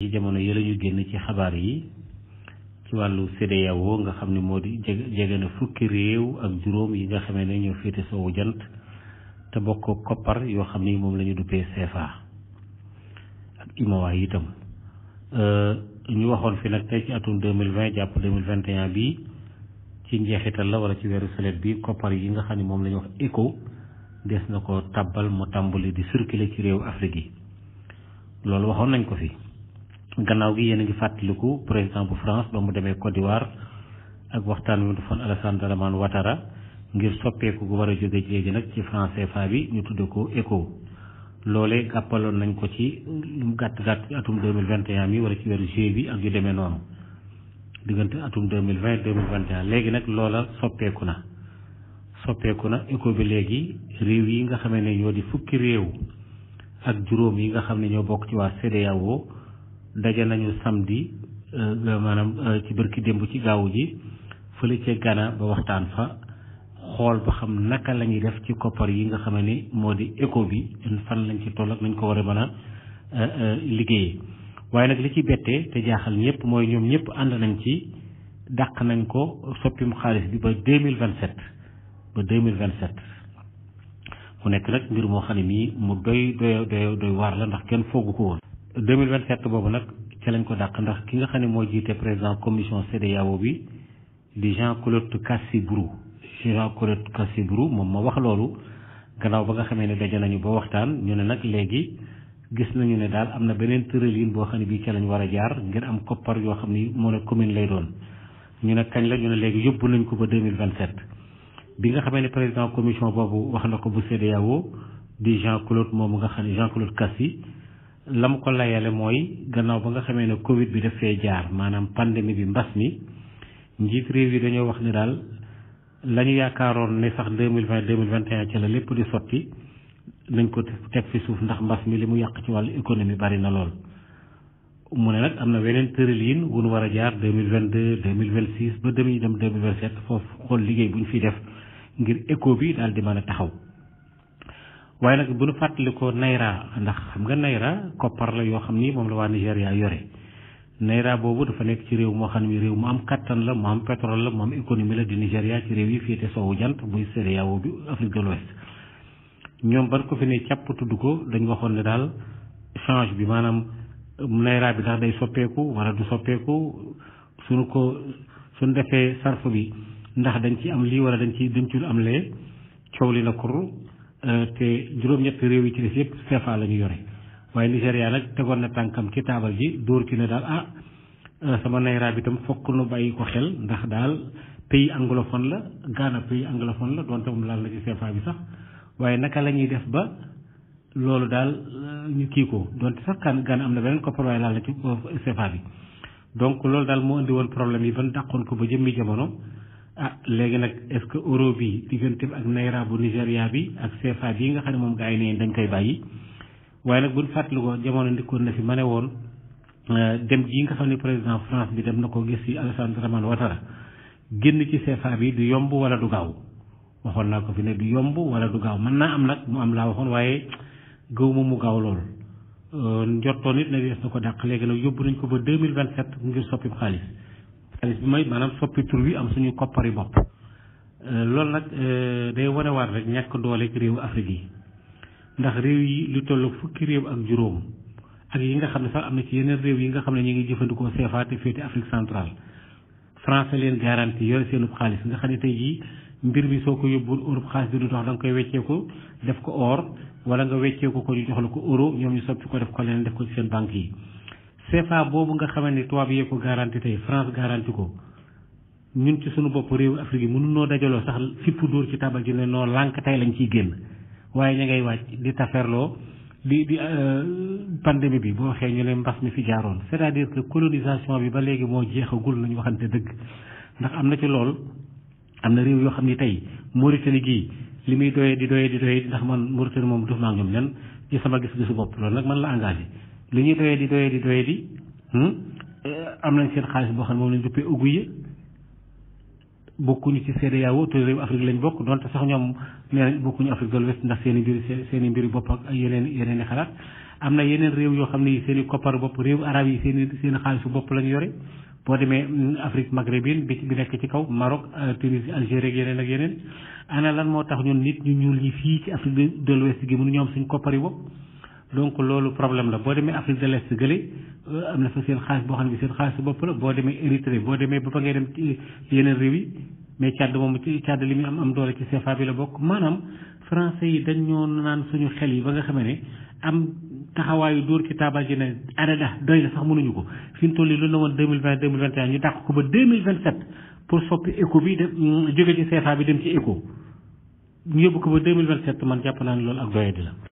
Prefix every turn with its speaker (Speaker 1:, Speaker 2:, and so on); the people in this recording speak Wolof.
Speaker 1: ci jamono yële ñu génn ci xabaar yi ci wàllu CEDEAO nga xam ne moo di jege jege na fukki réew ak juróom yi nga xamee ne ñoo féete soowu jant te bokk koppar yoo xam ni moom la ñu duppee CFA ak IMOA itam euh, ñu waxoon fi nag tey ci atum deux mille vingt jàpp deux mille vingt et un bii ci njeexital la wala ci weeru sulet bi koppar yi nga xam ne moom la ñu wax ECO des na ko tàbbal mu tàmbali di surcule ci réew Afrique yi loolu waxoon nañ ko fi. gannaaw gi yéen a ngi fàttaliku président bu France ba mu demee Côte d'Ivoire ak waxtaan wi mu defoon Alassane Dramane Ouattara ngir soppeeku gu war a jóge léegi nag ci franc CFA bi ñu tudd ko ECO loole gàppaloon nañ ko ci lu gàtt gàtt atum deux vingt et un mi wala ci weeru juillet bi ak yu demee noonu diggante atum deux mille vingt deux mille vingt léegi nag loola soppeeku na soppeeku na ECO bi léegi réew yi nga xamee ne ñoo di fukki réew ak juróom yi nga xam ne ñoo bokk ci waa CEDEAO daje nañu samedi euh, maanaam euh, ci bërki démb ci gaawu ji fële ca Ghana ba waxtaan fa xool ba xam naka la ñuy def ci koppar yi nga xam ni moo di éco bi fan lañ ci toll nañ ko war a mën a euh, liggéeyee waaye nag li ci bette te jaaxal ñëpp mooy ñoom ñëpp ànd nañ ci dàq nañ ko soppim xaalis bi ba deux mille vingt sept ba deux mille vingt sept mu nekk nag mbir moo xam ne mii mu doy doy doy doy waar la ndax kenn foogu ko woon. deux mille vingt quatre boobu nag ca lañ ko dàq ndax ki nga xam ne moo jiite président commission CEDEAO bi di Jean-Claude Cassibrou Jean-Claude Cassibrou moom ma wax loolu gannaaw ba nga xamee ne daje nañu ba waxtaan ñu ne nag léegi gis nañu ne daal am na beneen tërëlin boo xam ne bii ca lañ war a jaar ngir am koppar yoo xam ni moo ne commune lay doon ñu ne kañ la ñu ne léegi yóbbu nañ ko ba deux mille vingt sept bi nga xamee ne président commission boobu wax na ko bu CEDEAO di moom nga xam ne Jean-Claude Cassi la mu ko layale mooy gannaaw ba nga xamee ne Covid bi daf fee jaar maanaam pandémie bi mbas mi njiit réew yi dañoo wax ni daal la ñu yaakaaroon ne sax deux mille vingt deux mille vingt et un lépp di sotti nañ ko teg fi suuf ndax mbas mi li mu yàq ci wàllu économie bari na lool. mu ne nag am na weneen tërëliin wu nu war a jaar deux mille vingt deux mille vingt six ba dem dem deux mille vingt sept foofu xool liggéey bu ñu fiy def ngir éco bi daal di mën a taxaw. waaye nag bu fàttali fàttalikoo naira ndax xam nga naira koppar la yoo xam ni moom la waa Nigéria yore naira boobu dafa nekk ci réew moo xam ne réew mu am kattan la mu am pétrole la mu am économie la di Nigéria ci réew yi féete soowu jant muy CEDEAO bi Afrique de l'Ouest ñoom ne tudd ko dañ waxoon ne daal change bi maanaam naira bi ndax day soppeeku wala du soppeeku suñu ko suñu defee sarf bi ndax dañ ci am lii wala dañ ci dañ ci am lee coow li na kur Euh, te juróom-ñetti réew yi ci des yëpp CFA la ñu yore waaye Nigéria nag tegoon na tànkam ci taabal ji dóor ci ne daal ah euh, sama bi tam fokk nu bàyyi ko xel ndax daal pays anglophone la Ghana pays anglophone la doonte moom laal na ci CFA bi sax waaye naka la ñuy def ba loolu daal euh, ñu kii ko doonte sax kan Ghana am na beneen koppar laal na ci CFA bi donc loolu daal moo indi woon problème yi ban dàqoon ko ba jëmmi jamono. ah léegi nag est-ce que euro bi diggante bi ak naira bu bi ak CFA bii nga xam ne moom gaa yi ne dañ koy bàyyi waaye nag bu ñu fàttalikoo jamono ndikkoon na fi ma ne woon euh, dem ji nga xam ne président France bi dem na ko gis ci Alassane Dramane Ouattara génn ci CFA bi du yomb wala du gaaw waxoon naa ko fi ne du yomb wala du gaaw mën naa am nag mu am laa waxoon waaye gëw ma mu gaaw lool. Euh, njortoon it ne des na ko dàq léegi nag yóbbu nañ ko ba vingt sept ngir soppi xaalis. xaalis bi mooy maanaam soppi tour bi am suñu koppari bopp euh, loolu nag euh, day wanewaat rek ñàkk dooleeg réewu Afrique yi ndax réew yi lu toll fukki réew ak juróom ak yi nga xam ne sax am na ci yeneen réew yi nga xam ne ñu ngi jëfandikoo CFA te féete Afrique centrale France leen garanti yore seenub xaalis nga xam ne tey jii mbir bi soo ko yóbbul Europe xaalis bi du dox da koy weccee ko def ko or wala nga weccee ko ko ñu jox la ko euro ñoom ñu soppi ko def ko leneen def ko seen banque yi. CFA boobu nga xamante ni tubaab yee ko garanti tey France garanti ko ñun ci suñu bopp réew Afrique yi mënunoo dajaloo sax fipp dóor ci taabal ji ne noo lànk tey lañu ciy génn waaye ña ngay wàcc di taferloo di di euh, pandémie bi boo waxee ñu ne mbas mi fi jaaroon c'est-à-dire que colonisation bi ba léegi moo jeexagul nañu waxante dëgg ndax am na ci lool am na réew yoo xam ni tey Mauritanie gii li muy doyee di doyee di doyee di ndax man Mauritanie moom def maa ñoom len ci sama gis-gisu bopp loolu nag man la engagé li ñuy doyee di doyee di doyee di hmm? eh, am nañ seen xaalis boo xam ne moom lañ duppee aiguille bokkuñu ci CEDEAO te réew Afrique lañ bokk donte sax ñoom nee nañ bokkuñu Afrique de l'Ouest ndax seen i mbiri bopp ak yeneen yeneen i xalaat am na yeneen réew yoo xam ne seen i koppar bopp réew arab yi seen seeni xaalisu bopp lañ yore boo demee hmm, Afrique maghrébine bi bi nekk ci kaw Maroc euh, Tunisie Algérie ak yeneen ak yeneen ana lan moo tax ñun nit ñu ñuul ñi fii ci Afrique de l'Ouest gi mënu ñoom suñ koppar yi donc loolu problème la boo demee Afrique de l'Est gële euh, am na fa seen xaalis boo xam ne seen xaalis bopp la boo demee Érythrée boo demee ba fa ngay dem yeneen réew yi mais Tchad moom ci Tchad li muy am am doole ci CFA bi la bokk maanaam français yi dañ naan suñu xel yi ba nga xamee ne am taxawaayu dóor ci taabal ji ne adada doy sax mënuñu ko fi mu toll lu ne woon deux mille vingt deux mille vingt et ñu dàq ko ba deux mille vingt sept pour soppi éco bi def jóge ci CFA bi dem ci éco ñu yóbbu ko ba deux mille vingt sept man jàpp naa ne loolu ak doyadi